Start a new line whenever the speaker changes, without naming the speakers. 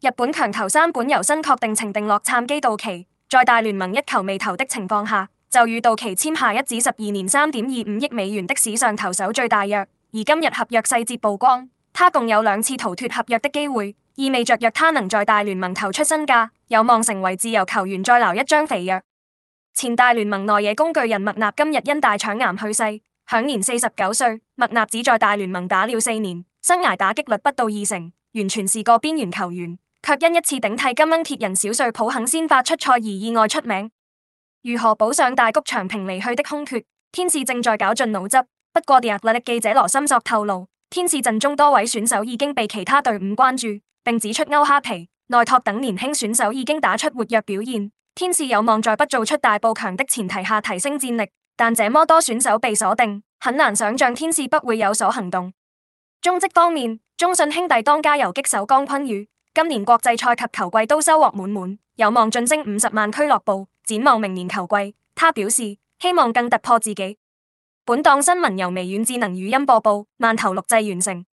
日本強投山本由伸確定情定洛杉磯道奇，在大聯盟一球未投的情況下，就與道奇簽下一紙十二年三點二五億美元的史上投手最大約。而今日合約細節曝光，他共有兩次逃脫合約的機會，意味着若他能在大聯盟投出身價，有望成為自由球員再撈一張肥約。前大聯盟內野工具人麥納今日因大腸癌去世，享年四十九歲。麥納只在大聯盟打了四年，生涯打擊率不到二成，完全是個邊緣球員。卻因一次頂替金恩鐵人小瑞普肯先發出賽而意外出名。如何補上大谷翔平離去的空缺？天使正在絞盡腦汁。不過日立的記者羅森索透露，天使陣中多位選手已經被其他隊伍關注，並指出歐哈皮、內托等年輕選手已經打出活躍表現。天使有望在不做出大步強的前提下提升戰力，但這麼多選手被鎖定，很難想象天使不會有所行動。中職方面，中信兄弟當家游擊手江坤宇。今年國際賽及球季都收穫滿滿，有望晉升五十萬俱樂部。展望明年球季，他表示希望更突破自己。本檔新聞由微軟智能語音播報，慢投錄製完成。